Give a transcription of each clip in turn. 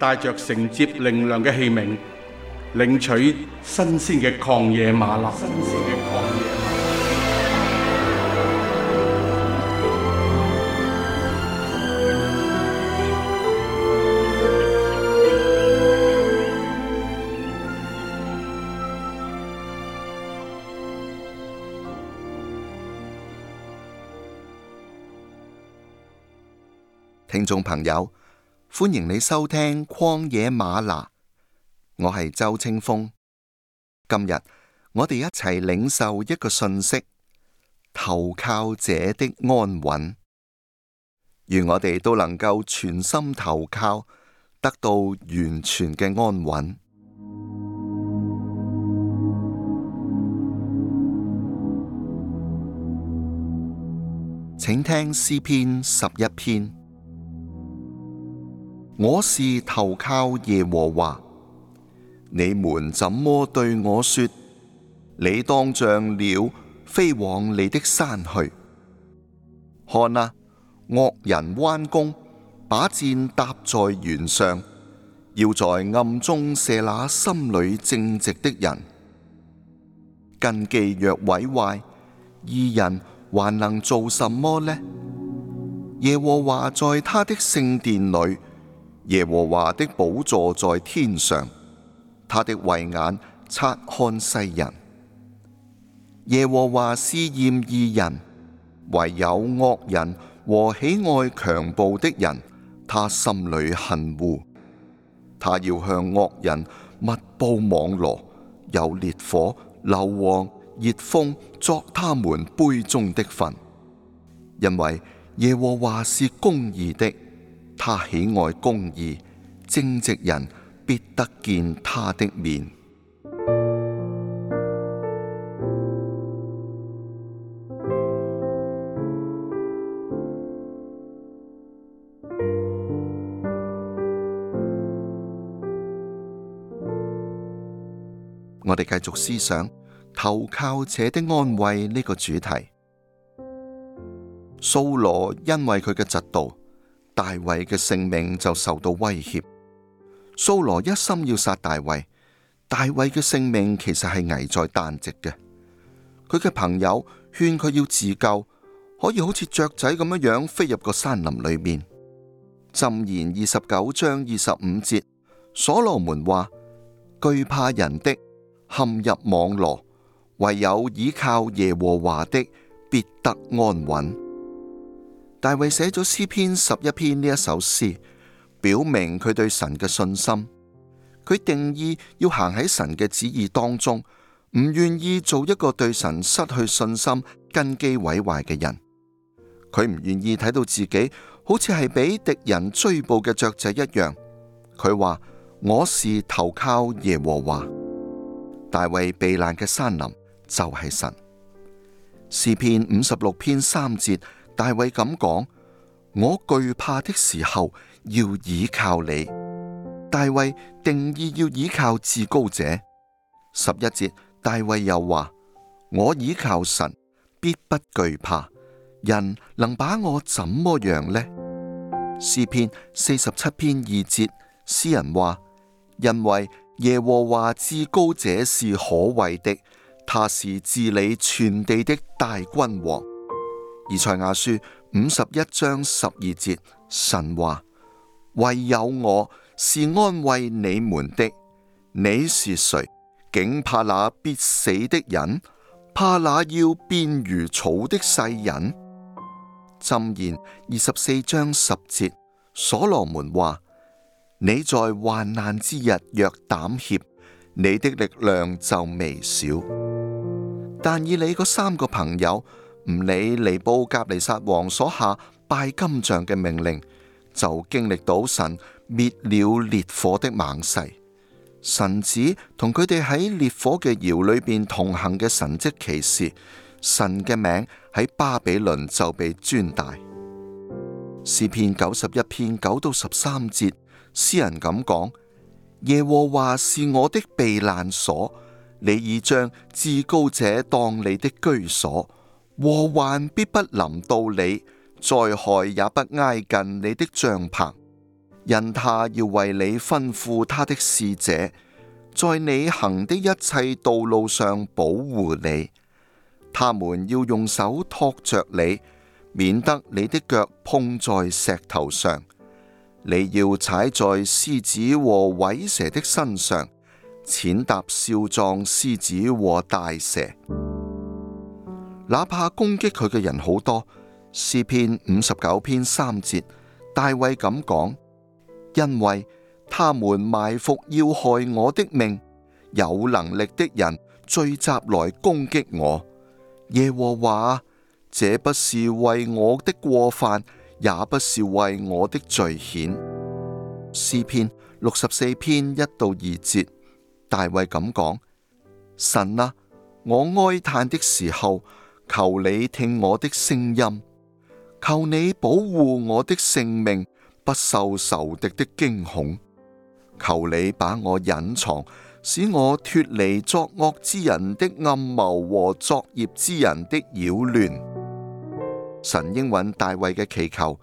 帶着承接靈糧嘅器皿，領取新鮮嘅曠野嗎哪。新鮮嘅曠野嗎哪。聽眾朋友。歡迎你收聽曠野嗎哪，我係周清風。今日我哋一齊領受一個訊息：投靠者的安穩。願我哋都能夠全心投靠，得到完全嘅安穩。 請聽詩篇十一篇。我是投靠耶和華，你們怎麼對我說：你當像鳥，飛往你的山去？看啊，惡人彎弓，把箭搭在弦上，要在暗中射那心裏正直的人。根基若毀壞，義人還能做什麼呢？耶和華在他的聖殿裏。耶和華的寶座在天上，他的慧眼察看世人。耶和華試驗義人，唯有惡人和喜愛強暴的人，他心裏恨惡。他要向惡人密布網羅，有烈火、硫磺、熱風，作他們杯中的分。因為耶和華是公義的。他喜愛公義，正直人必得見他的面。 我哋繼續思想投靠者的安慰呢個主題。掃羅因為佢嘅嫉妒。大衛嘅性命就受到威脅，掃羅一心要殺大衛，大衛嘅性命其實係危在旦夕嘅。佢嘅朋友勸佢要自救，可以好似雀仔咁樣樣飛入個山林裏面。箴言二十九章二十五節，所羅門話：懼怕人的陷入網羅，唯有倚靠耶和華的必得安穩。大衛寫咗詩篇十一篇呢一首詩，表明佢對神嘅信心。佢定意要行喺神嘅旨意當中，唔願意做一個對神失去信心、根基毀壞嘅人。佢唔願意睇到自己好似係俾敵人追捕嘅雀仔一樣。佢話：我是投靠耶和華。大衛避難嘅山林就係神。詩篇五十六篇三節。大衛咁講：我懼怕的時候要倚靠你。大衛定意要倚靠至高者。十一節，大衛又話：我倚靠神，必不懼怕。人能把我怎麼樣呢？詩篇四十七篇二節，詩人話：因為耶和華至高者是可畏的，他是治理全地的大君王。以賽亞書五十一章十二節，神話唯有我是安慰你們的。你是誰？竟怕那必死的人，怕那要變如草的世人？箴言二十四章十節，所羅門話：你在患難之日若膽怯，你的力量就微小。但以你嗰三個朋友。唔理尼布甲尼撒王所下拜金像嘅命令，就經歷到神滅了烈火的猛勢。神子同佢哋喺烈火嘅窯裏邊同行嘅神跡奇事，神嘅名喺巴比倫就被尊大。詩篇九十一篇九到十三節，詩人咁講：耶和華是我的避難所，你已將至高者當你的居所。禍患必不臨到你，災害也不挨近你的帳棚。因他要為你吩咐他的使者，在你行的一切道路上保護你。他們要用手托着你，免得你的腳碰在石頭上。你要踩在獅子和虺蛇的身上，踐踏少壯獅,獅子和大蛇。哪怕攻擊佢嘅人好多，詩篇五十九篇三節，大衛咁講：因為他們埋伏要害我的命，有能力的人聚集來攻擊我。耶和華，這不是為我的過犯，也不是為我的罪愆。詩篇六十四篇一到二節，大衛咁講：神啊，我哀嘆的時候。求你聽我的聲音，求你保護我的性命不受仇敵的驚恐。求你把我隱藏，使我脫離作惡之人的暗謀和作孽之人的擾亂。神應允大衛嘅祈求，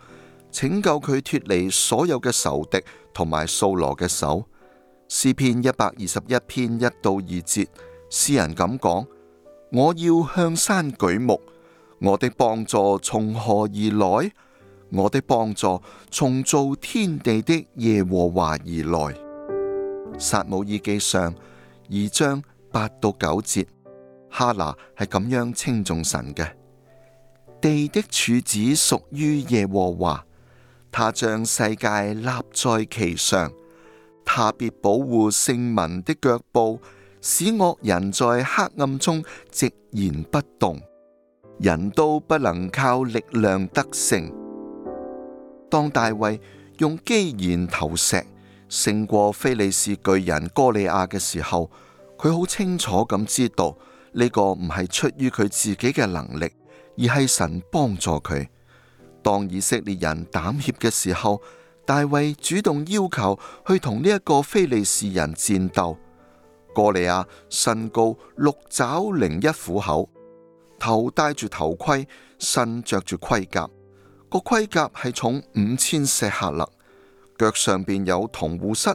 拯救佢脫離所有嘅仇敵同埋掃羅嘅手。詩篇一百二十一篇一到二節，詩人咁講。我要向山舉目，我的幫助從何而來？我的幫助從造天地的耶和華而來。撒母耳記上二章八到九節，哈拿係咁樣稱重神嘅：地的柱子屬於耶和華，他將世界立在其上，他別保護聖民的腳步。使惡人在黑暗中寂然不動，人都不能靠力量得勝。當大衛用機弦投石勝過非利士巨人哥利亞嘅時候，佢好清楚咁知道呢個唔係出於佢自己嘅能力，而係神幫助佢。當以色列人膽怯嘅時候，大衛主動要求去同呢一個非利士人戰鬥。歌利亞，身高六爪零一虎口，頭戴住頭盔，身着住盔甲，個盔甲係重五千舍客勒，腳上邊有銅護膝，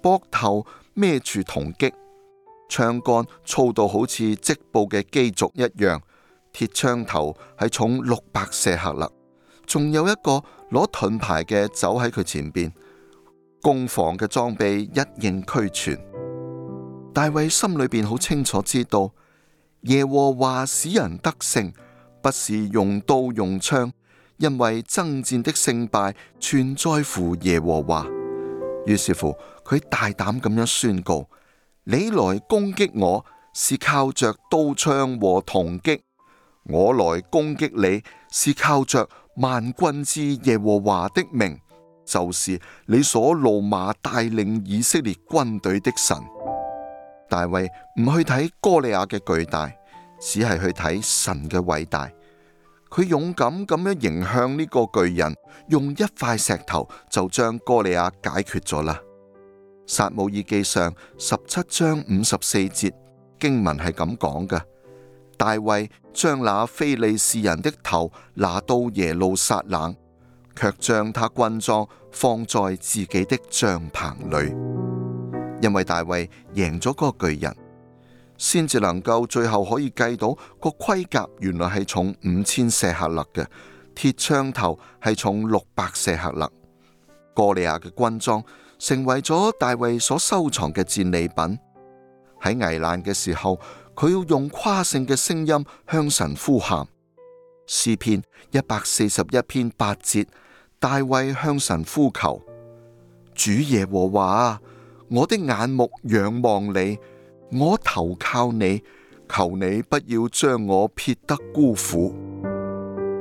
膊頭孭住銅戟，槍杆粗到好似織布嘅機軸一樣，鐵槍頭係重六百舍客勒，仲有一個攞盾牌嘅走喺佢前邊，攻防嘅裝備一應俱全。大衛心裏邊好清楚知道，耶和華使人得勝，不是用刀用槍，因為爭戰的勝敗全在乎耶和華。於是乎，佢大膽咁樣宣告：你來攻擊我是靠着刀槍和銅戟，我來攻擊你是靠着萬軍之耶和華的名，就是你所怒罵帶領以色列軍隊的神。大衛唔去睇哥利亞嘅巨大，只係去睇神嘅偉大。佢勇敢咁樣迎向呢個巨人，用一塊石頭就將哥利亞解決咗啦。撒母耳記上十七章五十四節經文係咁講嘅：大衛將那非利士人的頭拿到耶路撒冷，卻將他軍裝放在自己的帳棚裏。因為大衛贏咗嗰個巨人，先至能夠最後可以計到個盔甲原來係重五千舍克勒嘅，鐵槍頭係重六百舍克勒。哥利亞嘅軍裝成為咗大衛所收藏嘅戰利品。喺危難嘅時候，佢要用誇勝嘅聲音向神呼喊。詩篇一百四十一篇八節，大衛向神呼求，主耶和華我的眼目仰望你，我投靠你，求你不要將我撇得孤苦。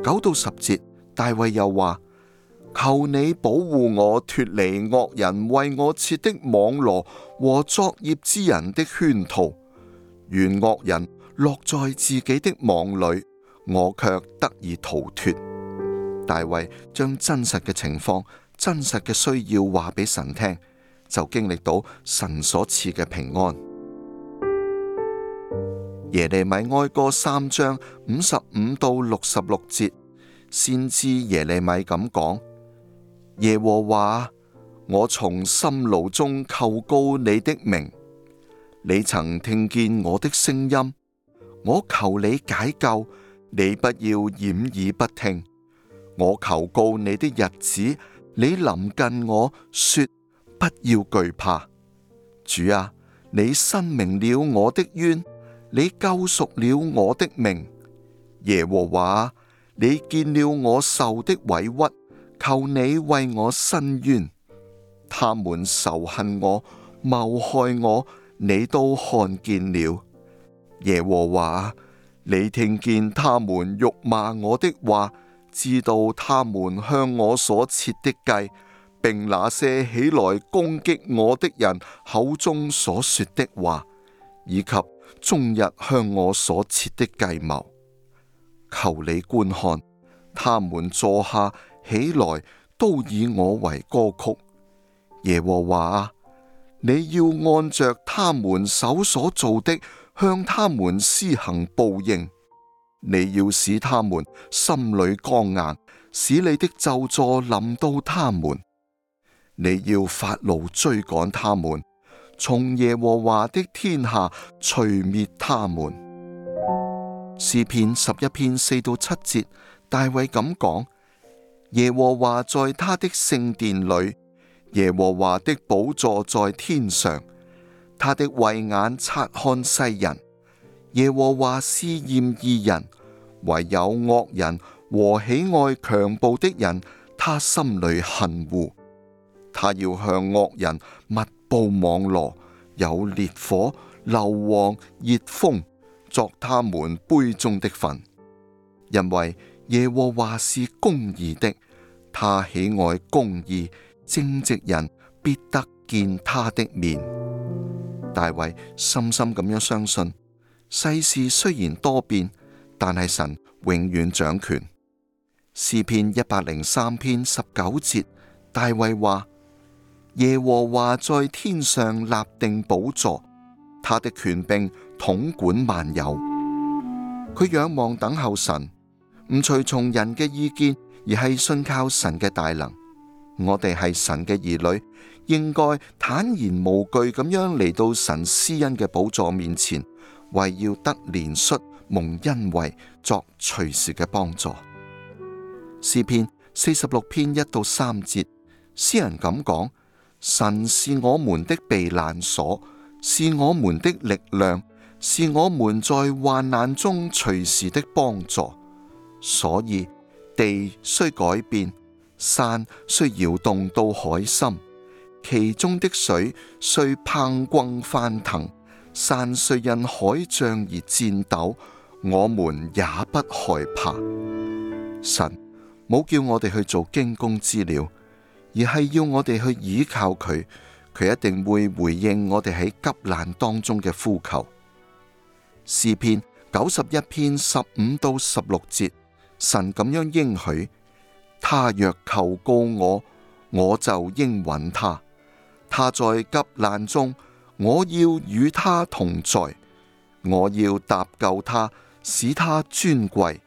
九到十節，大衛又話，求你保護我，脫離惡人為我設的網羅和作孽之人的圈套，願惡人落在自己的網裏，我卻得以逃脫。大衛將真實嘅情況、真實嘅需要話俾神聽。就經歷到神所賜嘅平安。耶利米哀歌三章五十五到六十六節，先知耶利米咁講：耶和華我從深牢中求告你的名，你曾聽見我的聲音，我求你解救，你不要掩耳不聽。我求告你的日子，你臨近我說。不要懼怕，主啊，你申明了我的冤，你救贖了我的命，耶和華，你見了我受的委屈，求你為我申冤。他們仇恨我，謀害我，你都看見了，耶和華，你聽見他們辱罵我的話，知道他們向我所設的計。並那些起來攻擊我的人口中所說的話，以及終日向我所設的計謀，求你觀看。他們坐下起來，都以我為歌曲。耶和華啊，你要按着他們手所做的，向他們施行報應。你要使他們心裏剛硬，使你的咒詛臨到他們。你要發怒追趕他們，從耶和華的天下除滅他們。詩篇十一篇四到七節，大衛咁講：耶和華在他的聖殿裏，耶和華的寶座在天上，他的慧眼察看世人，耶和華試驗義人，唯有惡人和喜愛強暴的人，他心裏恨惡。他要向惡人密布網羅，有烈火、硫磺、熱風，作他們杯中的份。因為耶和華是公義的，他喜愛公義，正直人必得見他的面。大衛深深咁樣相信，世事雖然多變，但係神永遠掌權。詩篇一百零三篇十九節，大衛話。耶和華在天上立定寶座，他的權柄統管萬有。佢仰望等候神，唔隨從人嘅意見，而係信靠神嘅大能。我哋係神嘅兒女，應該坦然無懼咁樣嚟到神施恩嘅寶座面前，為要得憐恤、蒙恩惠，作隨時嘅幫助。詩篇四十六篇一到三節，詩人咁講。神是我們的避難所，是我們的力量，是我們在患難中隨時的幫助。所以地雖改變，山雖搖動到海心，其中的水雖匉訇翻騰，山雖因海漲而戰抖，我們也不害怕。神，冇叫我哋去做驚弓之鳥。而係要我哋去倚靠佢，佢一定會回應我哋喺急難當中嘅呼求。詩篇九十一篇十五到十六節，神咁樣應許：他若求告我，我就應允他；他在急難中，我要與他同在，我要搭救他，使他尊貴，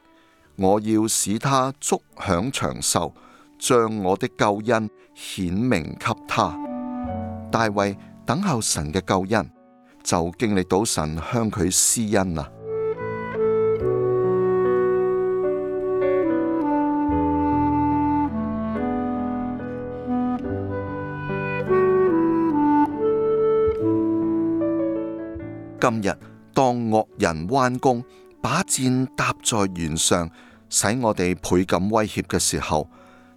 我要使他足享長壽。將我的救恩顯明給他，大衛等候神嘅救恩，就經歷到神向佢施恩啦。今日當惡人彎弓，把箭搭在弦上，使我哋倍感威脅嘅時候，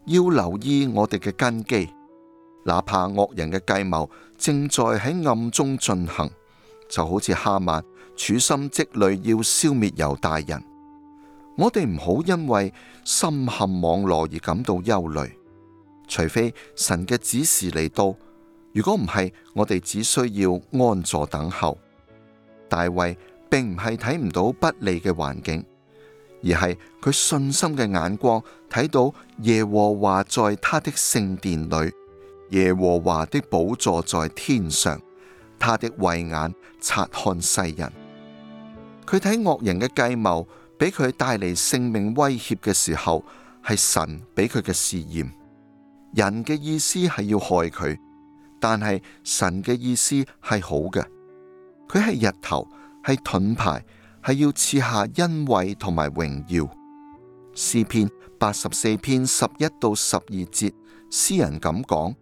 要留意我哋嘅根基，哪怕惡人嘅計謀正在喺暗中進行，就好似哈曼處心積慮要消滅猶大人。我哋唔好因為深陷網羅而感到憂慮，除非神嘅指示嚟到。如果唔係，我哋只需要安坐等候。大衛並唔係睇唔到不利嘅環境。而係佢信心嘅眼光睇到，耶和華在他的聖殿裏，耶和華的寶座在天上，他的慧眼察看世人。佢睇惡人嘅計謀，俾佢帶嚟性命威脅嘅時候，係神俾佢嘅試驗。人嘅意思係要害佢，但係神嘅意思係好嘅。佢係日頭，係盾牌。係要賜下恩惠同埋榮耀。詩篇八十四篇十一到十二節，詩人咁講：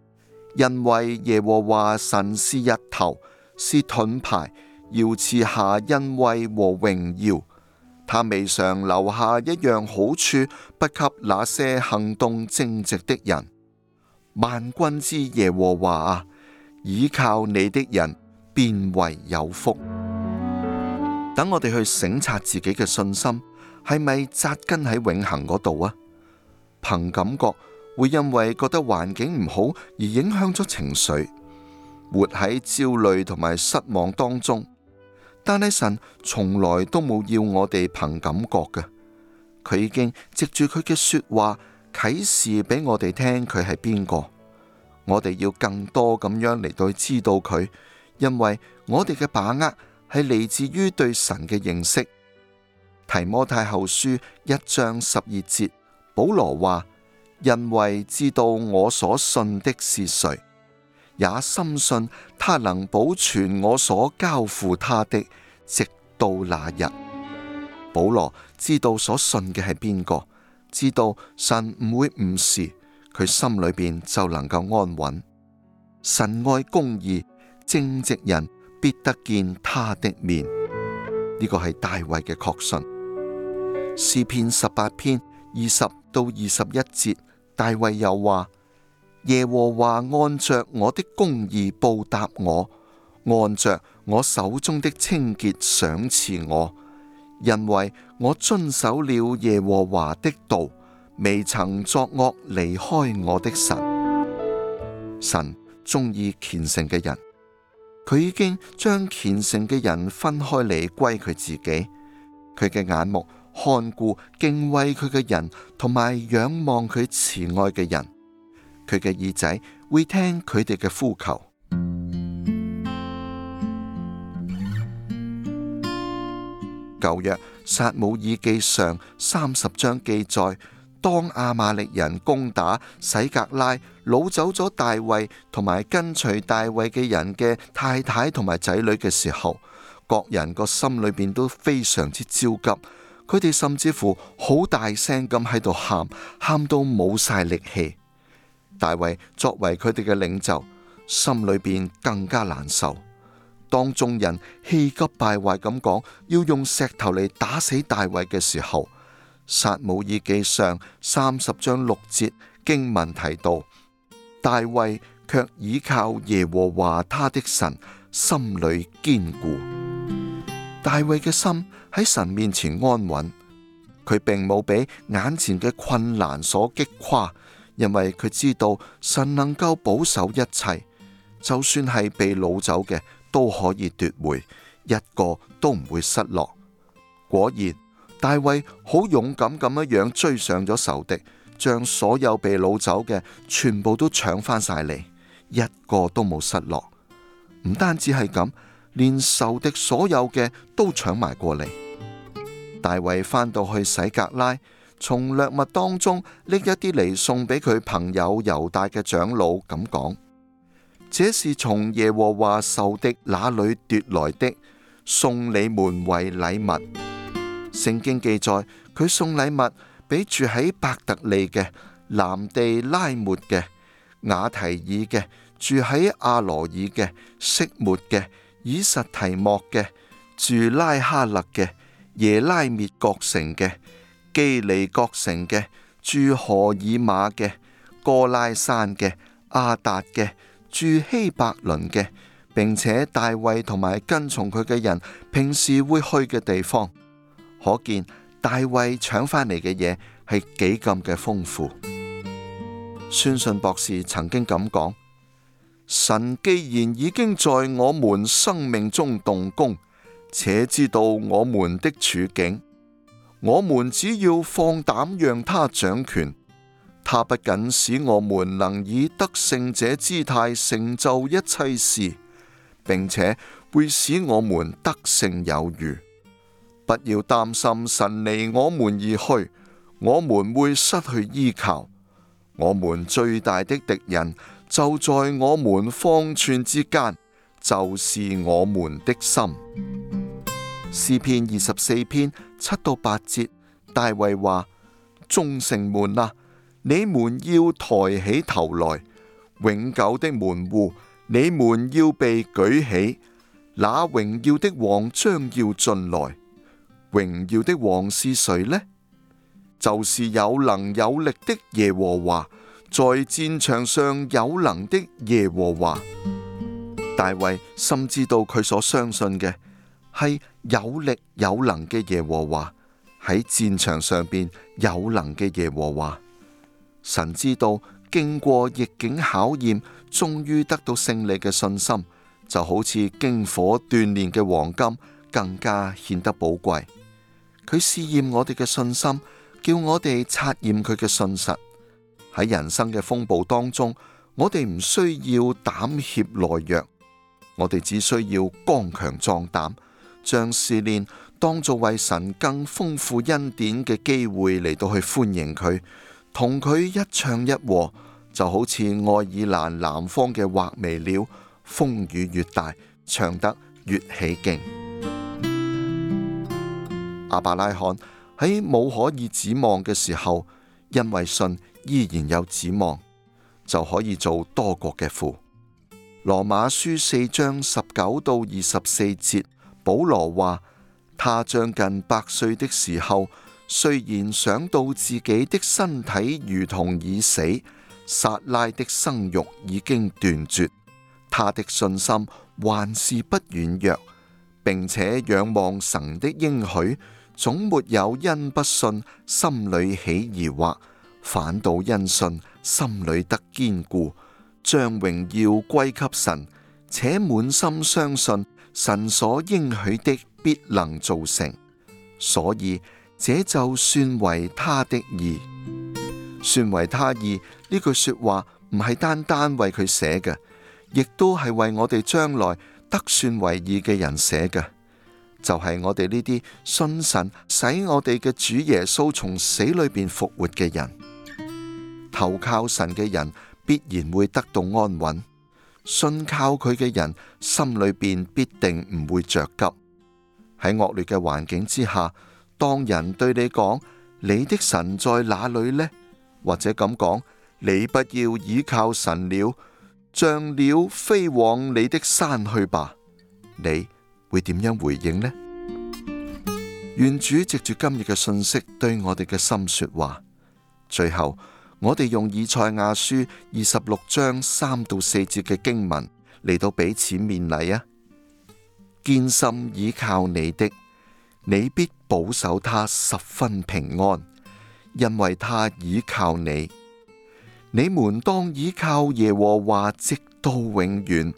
因為耶和華神是日頭，是盾牌，要賜下恩惠和榮耀。他未嘗留下一樣好處，不給那些行動正直的人。萬軍之耶和華，倚靠你的人便為有福。等我哋去省察自己嘅信心係咪紮根喺永恒嗰度啊？憑感覺會因為覺得環境唔好而影響咗情緒，活喺焦慮同埋失望當中。但係神從來都冇要我哋憑感覺嘅，佢已經藉住佢嘅說話啟示俾我哋聽佢係邊個。我哋要更多咁樣嚟到去知道佢，因為我哋嘅把握。係嚟自於對神嘅認識，《提摩太後書》一章十二節，保羅話：因為知道我所信的是誰，也深信他能保存我所交付他的，直到那日。保羅知道所信嘅係邊個，知道神唔會誤事，佢心裏邊就能夠安穩。神愛公義、正直人。必得見他的面，呢個係大衛嘅確信。詩篇十八篇二十到二十一節，大衛又話：耶和華按着我的公義報答我，按着我手中的清潔賞賜我，因為我遵守了耶和華的道，未曾作惡，離開我的神。神中意虔誠嘅人。佢已經將虔誠嘅人分開嚟歸佢自己，佢嘅眼目看顧敬畏佢嘅人，同埋仰望佢慈愛嘅人，佢嘅耳仔會聽佢哋嘅呼求。舊約 撒母耳記上三十章記載。當亞瑪力人攻打洗格拉，擄走咗大衛同埋跟隨大衛嘅人嘅太太同埋仔女嘅時候，各人個心裏邊都非常之焦急，佢哋甚至乎好大聲咁喺度喊，喊到冇晒力氣。大衛作為佢哋嘅領袖，心裏邊更加難受。當眾人氣急敗壞咁講，要用石頭嚟打死大衛嘅時候，撒母耳記上三十章六節經文提到，大衛卻倚靠耶和華他的神，心裏堅固。大衛嘅心喺神面前安穩，佢並冇俾眼前嘅困難所擊垮，因為佢知道神能夠保守一切，就算係被擄走嘅都可以奪回，一個都唔會失落。果然。大衛好勇敢咁樣追上咗仇敵，將所有被擄走嘅全部都搶返晒嚟，一個都冇失落。唔單止係咁，連仇敵所有嘅都搶埋過嚟。大衛返到去洗革拉，從掠物當中拎一啲嚟送俾佢朋友猶大嘅長老，咁講：「這是從耶和華仇敵那裏奪來的，送你們為禮物。」聖經記載，佢送禮物俾住喺伯特利嘅南地拉末嘅雅提爾嘅住喺阿羅爾嘅色末嘅以實提莫嘅住拉哈勒嘅耶拉滅各城嘅基尼各城嘅住荷爾馬嘅哥拉山嘅阿達嘅住希伯倫嘅，並且大衛同埋跟從佢嘅人平時會去嘅地方。可見大衛搶翻嚟嘅嘢係幾咁嘅豐富。宣信博士曾經咁講：神既然已經在我們生命中動工，且知道我們的處境，我們只要放膽讓他掌權，他不僅使我們能以得勝者姿態成就一切事，並且會使我們得勝有餘。不要擔心神離我們而去，我們會失去依靠。我們最大的敵人就在我們方寸之間，就是我們的心。 詩篇二十四篇七到八節，大衛話：眾城門啊，你們要抬起頭來；永久的門戶，你們要被舉起。那榮耀的王將要進來。榮耀的王是誰呢？就是有能有力的耶和華，在戰場上有能的耶和華。大衛深知道，佢所相信嘅係有力有能嘅耶和華，喺戰場上邊有能嘅耶和華。神知道，經過逆境考驗，終於得到勝利嘅信心，就好似經火鍛煉嘅黃金，更加顯得寶貴。佢試驗我哋嘅信心，叫我哋測驗佢嘅信實。喺人生嘅風暴當中，我哋唔需要膽怯懦弱，我哋只需要剛強壯膽，將試煉當做為神更豐富恩典嘅機會嚟到去歡迎佢，同佢一唱一和，就好似愛爾蘭南方嘅畫眉鳥，風雨越大，唱得越起勁。亞伯拉罕喺冇可以指望嘅時候，因為信依然有指望，就可以做多國嘅父。羅馬書四章十九到二十四節，保羅話：他將近百歲的時候，雖然想到自己的身體如同已死，撒拉的生育已經斷絕，他的信心還是不軟弱，並且仰望神的應許。總沒有因不信心裏起疑惑，反倒因信心裏得堅固。將榮耀歸給神，且滿心相信神所應許的必能做成。所以這就算為他的義，算為他義，呢句說話唔係單單為佢寫嘅，亦都係為我哋將來得算為義嘅人寫嘅。就係我哋呢啲信神使我哋嘅主耶穌從死裏邊復活嘅人，投靠神嘅人必然會得到安穩，信靠佢嘅人心裏邊必定唔會着急。喺惡劣嘅環境之下，當人對你講你的神在哪裏呢？或者咁講，你不要倚靠神了，像鳥飛往你的山去吧，你會點樣回應呢？願主藉住今日嘅信息對我哋嘅心說話。最後，我哋用以賽亞書二十六章三到四節嘅經文嚟到彼此勉勵啊！堅心倚靠你的，你必保守他十分平安，因為他倚靠你。你們當倚靠耶和華直到永遠，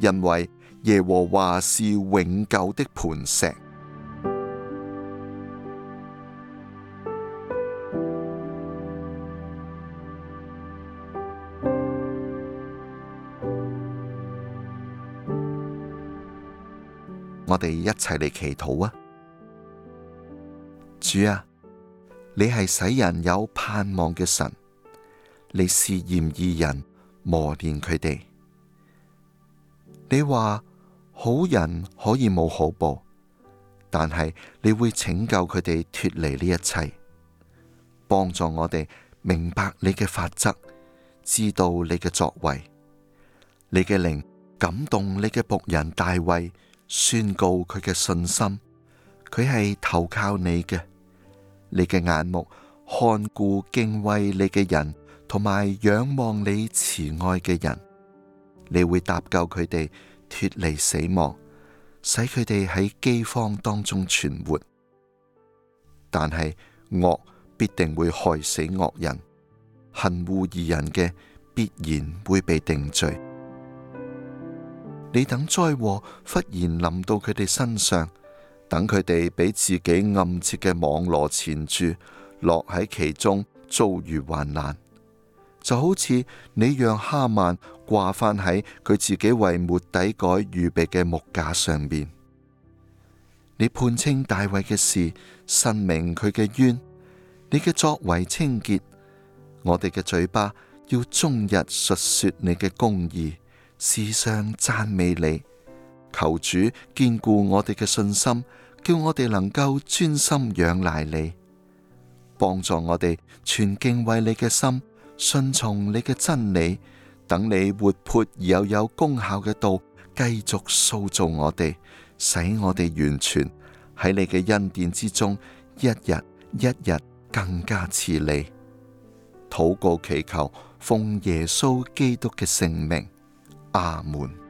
因為。耶和華是永久的磐石， 我哋一齊嚟祈禱啊！主啊，你係使人有盼望嘅神，你是試驗人磨練佢哋，你話。好人可以冇好報，但係你會拯救佢哋脱離呢一切，幫助我哋明白你嘅法則，知道你嘅作為，你嘅靈感動你嘅僕人大衛，宣告佢嘅信心，佢係投靠你嘅。你嘅眼目看顧敬畏你嘅人，同埋仰望你慈愛嘅人，你會搭救佢哋，脫離死亡，使佢哋喺饑荒當中存活。但係惡必定會害死惡人，恨惡義人嘅必然會被定罪。你等災禍忽然臨到佢哋身上，等佢哋俾自己暗設嘅網羅纏住，落喺其中遭遇患難，就好似你讓哈曼。掛翻喺佢自己為末底改預備嘅木架上面。你判清大衛嘅事，申明佢嘅冤。你嘅作為清潔，我哋嘅嘴巴要終日述說你嘅公義，時常讚美你。求主堅固我哋嘅信心，叫我哋能夠專心仰賴你，幫助我哋全敬畏你嘅心，順從你嘅真理。等你活潑而又有功效嘅道，繼續塑造我哋，使我哋完全喺你嘅恩典之中，一日一日更加似你。禱告祈求，奉耶穌基督嘅聖名，阿門。